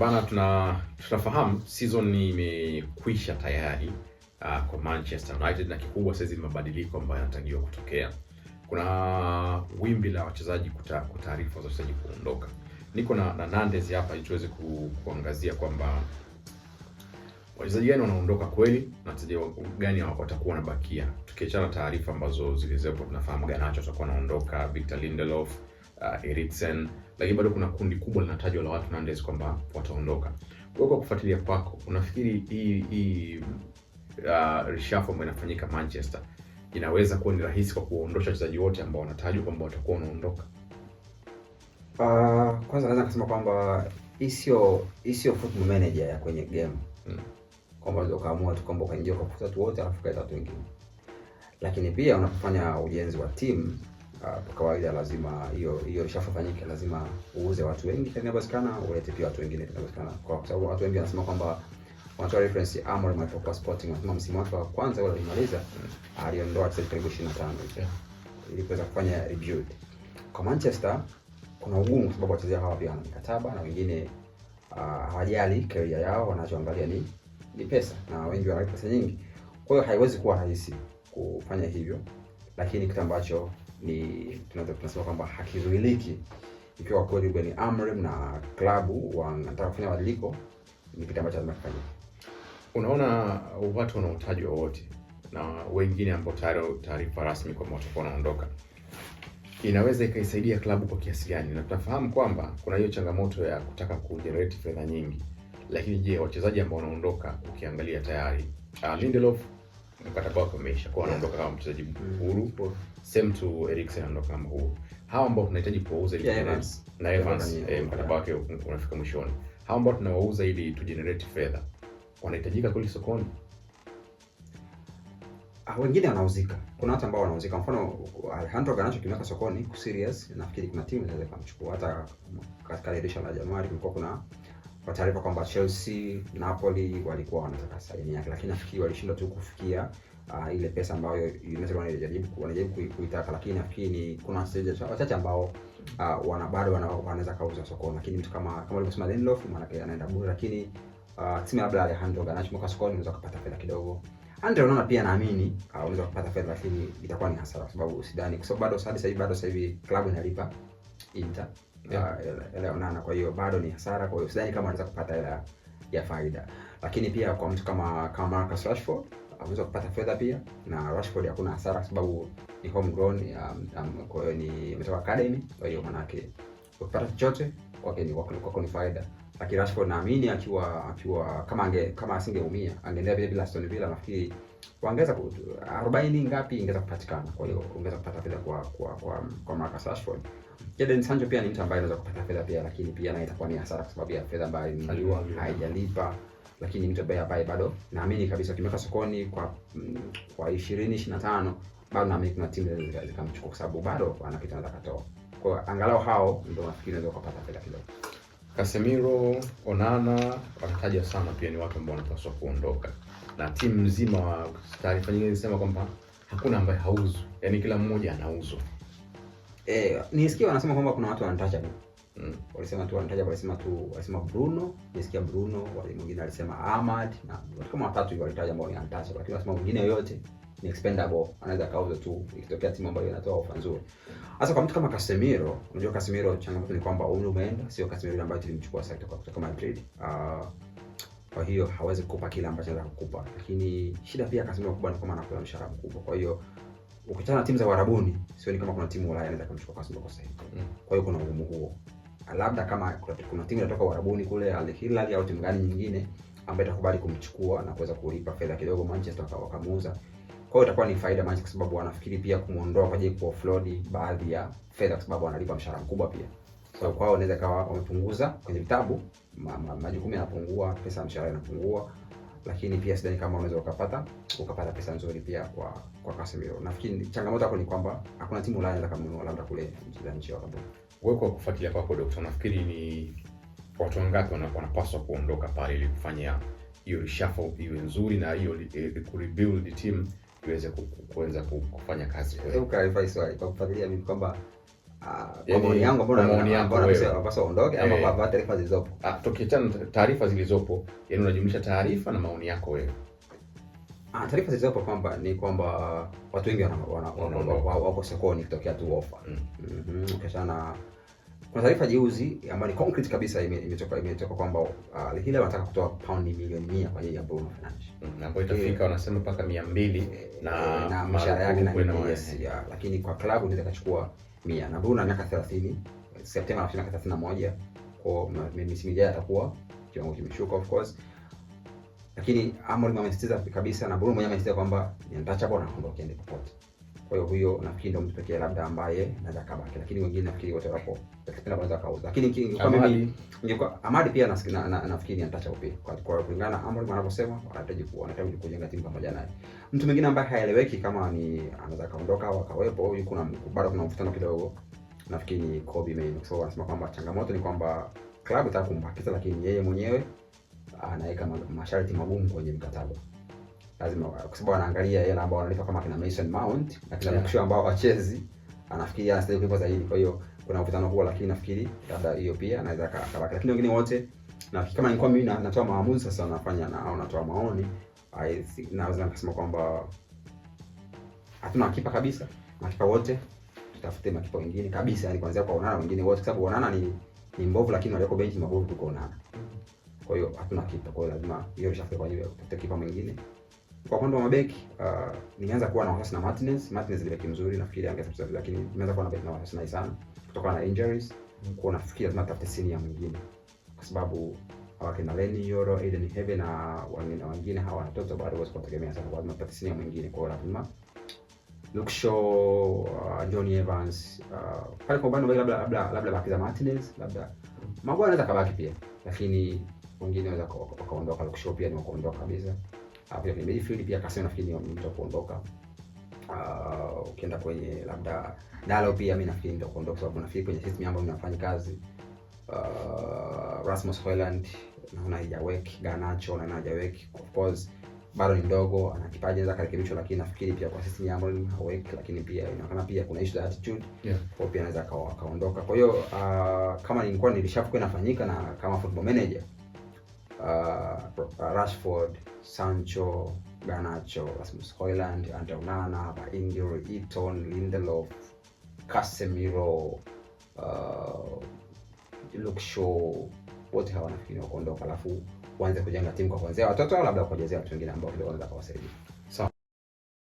Bana, tuna tunafahamu season imekwisha tayari uh, kwa Manchester United na kikubwa sasa hivi mabadiliko ambayo yanatarajiwa kutokea. Kuna wimbi la wachezaji kuta, kutaarifa za wachezaji kuondoka. Niko na, na Nandez hapa ili tuweze ku, kuangazia kwamba wachezaji gani wanaondoka kweli na wachezaji gani watakuwa wanabakia, tukiachana taarifa ambazo zilizopo. Tunafahamu Garnacho atakuwa anaondoka, Victor Lindelof, uh, Eriksen lakini bado kuna kundi kubwa linatajwa la watu Nandes kwamba wataondoka. Kwa kwa kufuatilia kwako, unafikiri hii hii uh, reshuffle ambayo inafanyika Manchester inaweza kuwa ni rahisi kwa kuondosha wachezaji wote ambao wanatajwa kwamba watakuwa wanaondoka? Uh, kwanza naweza kusema kwamba hii sio football manager ya kwenye game Hmm. kwamba unaweza kaamua tu kwamba kaingia kwa ukafuta watu wote alafu kaleta watu wengine, lakini pia unapofanya ujenzi wa timu Ah, kwa kawaida lazima hiyo hiyo ishafanyike, lazima uuze watu wengi tena, inawezekana, ulete pia watu wengine tena, inawezekana, kwa sababu watu wengi wanasema kwamba wanatoa reference Amorim alipokuwa Sporting, wanasema msimu wake wa kwanza ule alimaliza, aliondoa wachezaji karibu 25 hivi ili kuweza kufanya rebuild. Kwa Manchester kuna ugumu, kwa sababu wachezaji hawa pia wana mikataba na wengine ah, hawajali uh, career yao, wanachoangalia ni ni pesa, na wengi wana pesa nyingi, kwa hiyo haiwezi kuwa rahisi kufanya hivyo, lakini kitu ambacho ni tunaweza tunasema kwamba hakizuiliki, ikiwa kweli Ruben Amorim na klabu wanataka kufanya mabadiliko, ni kitu ambacho lazima kifanyike. Unaona watu wanaotajwa wote na wengine ambao tayari taarifa rasmi kwamba watakuwa wanaondoka inaweza ikaisaidia klabu kwa kiasi gani? Na tunafahamu kwamba kuna hiyo changamoto ya kutaka kujenerate fedha nyingi, lakini je, wachezaji ambao wanaondoka ukiangalia tayari uh, Lindelof wakatakuwa kwa anaondoka kama mchezaji mm. huru, same to Eriksen anaondoka kama huru. Hawa ambao tunahitaji kuwauza ili Evans na Evans eh, mkataba wake unafika mwishoni, hawa ambao tunawauza ili tu generate fedha wanahitajika kweli sokoni? Ah, wengine wanauzika, kuna watu ambao wanauzika. Mfano Alejandro Garnacho kimeka sokoni ku serious, nafikiri kuna timu inaweza kumchukua. Hata katika dirisha la Januari kulikuwa kuna kwa taarifa kwamba Chelsea, Napoli walikuwa wanataka saini yake, lakini nafikiri walishindwa tu kufikia uh, ile pesa ambayo United wanajaribu wanajaribu kuitaka, lakini nafikiri kuna wachezaji wachache ambao uh, wana bado wanaweza kauza sokoni, lakini mtu kama kama alivyosema Lindelof maana yake anaenda bure, lakini uh, timu labda Alejandro Garnacho mwaka sokoni unaweza kupata fedha kidogo. Andre unaona pia naamini uh, unaweza kupata fedha, lakini itakuwa ni hasara kwa sababu sidani, kwa sababu bado sasa hivi bado sasa hivi klabu inalipa Inter yanayoonana yeah. Ah, kwa hiyo bado ni hasara, kwa hiyo sidhani kama anaweza kupata hela ya faida, lakini pia kwa mtu kama kama Marcus Rashford aweza kupata fedha pia, na Rashford hakuna hasara kwa sababu ni homegrown, um, um, kwa hiyo ni metoka academy, kwa hiyo manake ukipata chochote kwake ni kwako ni faida. Lakini Rashford naamini akiwa akiwa kama ange kama asingeumia angeendea vile bila Aston Villa nafikiri wangeweza arobaini ngapi ingeweza kupatikana. Kwa hiyo ungeweza kupata fedha kwa kwa kwa, kwa Marcus Rashford. Jadon Sancho pia ni mtu ambaye anaweza kupata fedha pia, lakini pia naye itakuwa ni hasara kwa sababu ya fedha ambayo imeliwa mm. haijalipa, lakini mtu ambaye ambaye bado naamini kabisa kimeka sokoni kwa mm, kwa 20 25 bado naamini kuna timu zinaweza zikamchukua kwa sababu bado anapita na anaweza katoa. Kwa hiyo angalau hao ndio nafikiri naweza kupata fedha kidogo. Casemiro, Onana wametajwa sana pia ni watu ambao wanapaswa kuondoka na timu nzima wa taarifa nyingine zinasema kwamba hakuna ambaye hauzwi, yaani kila mmoja anauzwa. Eh, nisikia wanasema kwamba kuna watu wanataja tu. Mm. Walisema tu wanataja, walisema tu walisema Bruno, nisikia Bruno, wale mwingine alisema Ahmad na watu kama watatu hivi walitaja ambao ni untouchable, lakini wanasema mwingine yoyote ni expendable, anaweza kauza tu ikitokea timu ambayo inatoa ofa nzuri. Sasa kwa mtu kama Casemiro, unajua Casemiro changamoto ni kwamba umri umeenda, sio Casemiro ambaye tulimchukua sasa kutoka Madrid. Ah uh, kwa hiyo hawezi kukupa kile ambacho anataka kukupa, lakini shida pia akasema kubwa ni kwamba anakula mshahara mkubwa. Kwa hiyo ukutana na timu za Uarabuni, sioni kama kuna timu Ulaya inaweza kumchukua Casemiro kwa sasa hivi. Mm. Kwa hiyo kuna ugumu huo, labda kama kuna timu inatoka Uarabuni kule, Al Hilal au timu gani nyingine ambayo itakubali kumchukua na kuweza kulipa fedha kidogo, Manchester wakamuuza. Kwa hiyo itakuwa ni faida Manchester, kwa sababu wanafikiri pia kumuondoa kwa ajili ya kuoffload baadhi ya fedha, kwa sababu analipa mshahara mkubwa pia sababu kwao inaweza kawa wamepunguza kwenye vitabu, majukumu yanapungua, pesa mshahara inapungua, lakini pia sidhani kama unaweza ukapata ukapata pesa nzuri pia kwa kwa Casemiro. Nafikiri changamoto yako ni kwamba hakuna timu Ulaya inaweza kumnunua labda kule nchi za nchi ya Gabon. Wewe kwa kufuatilia kwako, Dokta, nafikiri ni watu wangapi wanapaswa kuondoka pale ili kufanya hiyo reshuffle iwe nzuri na hiyo eh, ku rebuild team iweze kuweza kufanya kazi. Kwa kufuatilia mimi kwamba Ah, eh, eh, maoni yangu, unapaswa uondoke ama kwa eh. taarifa zilizopo. Ah, tukiachana taarifa zilizopo, yani unajumlisha taarifa na maoni yako wewe. Ah, taarifa zilizopo kwamba ni kwamba watu wengi wako sokoni kutokea tu ofa. Mm. Mhm, ukiachana kuna taarifa juzi ambayo ni concrete kabisa imetoka imetoka kwamba Al uh, Hilal wanataka kutoa paundi milioni 100 kwa ajili ya Bruno Fernandes. Na ambayo mm, itafika eh, wanasema mpaka 200 eh, na eh, na mshahara yake na ya, lakini kwa klabu inaweza kachukua 100 na Bruno ana miaka 30, Septemba anafika miaka 31, kwa msimu ujao atakuwa kiwango kimeshuka of course. Lakini Amorim amesisitiza kabisa na Bruno mwenyewe amesisitiza kwamba nitaacha bwana, naomba ukiende popote. Kwa hiyo huyo nafikiri ndio mtu pekee labda ambaye naweza kabaki, lakini wengine nafikiri wote wapo wakipenda kwanza kauza. Lakini kwa mimi ningekuwa Amadi pia nafikiri na, na, nafikiri anatacha upi kwa kwa kulingana Amadi anavyosema, anahitaji kuwa anahitaji kujenga timu pamoja naye. Mtu mwingine ambaye haeleweki kama ni anaweza kaondoka au akawepo, huyu kuna bado kuna mvutano kidogo, nafikiri ni Kobe Maino, kwa sababu anasema kwamba changamoto ni kwamba klabu itaka kumpakiza, lakini yeye mwenyewe anaweka masharti magumu kwenye mkataba lazima kwa sababu anaangalia hela ambao analipa kama kina Mason Mount na kina yeah. Luxor ambao wachezi anafikiria anastahili kulipwa zaidi. Kwa hiyo kuna mvutano huo, lakini nafikiri labda hiyo pia anaweza akabaki, lakini wengine wote na kama nilikuwa mimi na, natoa maamuzi sasa, nafanya na au natoa maoni, naweza nikasema kwamba hatuna makipa kabisa, makipa wote tutafute makipa wengine kabisa, yani kuanzia kwa Onana wengine wote, kwa sababu Onana ni ni mbovu, lakini walioko benchi mabovu kuliko Onana. Kwa hiyo hatuna kipa, kwa hiyo lazima hiyo ishafika kwa ajili ya kutafuta kipa mwingine. Kwa upande wa mabeki uh, nimeanza kuwa na wasiwasi na Martinez. Martinez ni beki mzuri, nafikiri angeza kucheza lakini nimeanza kuwa na beki na wasiwasi naye sana kutokana na injuries. Kwa nafikiri lazima tafute sini ya mwingine kwa sababu na Leni Yoro, Aiden Hebe na wengine wengine hawa watoto bado wasipo tegemea sana, kwa tafute sini ya mwingine. Kwa lazima Luke Shaw, uh, Johnny Evans uh, pale kwa upande labda labda labda baki za Martinez, labda Maguire anaweza kabaki pia, lakini wengine waweza wakaondoka. Luke Shaw pia ni wakaondoka kabisa pia kwenye midfield pia Casemiro nafikiri ni mtu kuondoka. Uh, ukienda kwenye labda Dalo pia mimi nafikiri ndio kuondoka sababu nafikiri kwenye system ambayo mnafanya kazi uh, Rasmus Hojlund naona haijaweki, Garnacho naona haijaweki. Of course bado ni mdogo, ana kipaji anaweza karekebishwa, lakini nafikiri pia kwa system ambayo haweki, lakini pia inaonekana pia kuna issue ya attitude yeah. Kwa pia anaweza kaondoka. Kwa hiyo uh, kama ilikuwa nilishafuka inafanyika na kama football manager uh, Rashford, Sancho, Garnacho, Rasmus hoyland Andre Onana, Maingill, Eton, Lindelof, Casemiro, uh, Luke Shaw wote hawa nafikiri wakuondoka alafu uanze kujenga timu kwa kuanzia watoto au labda kuwajezea watu wengine ambao kidogo wanaweza kuwasaidia.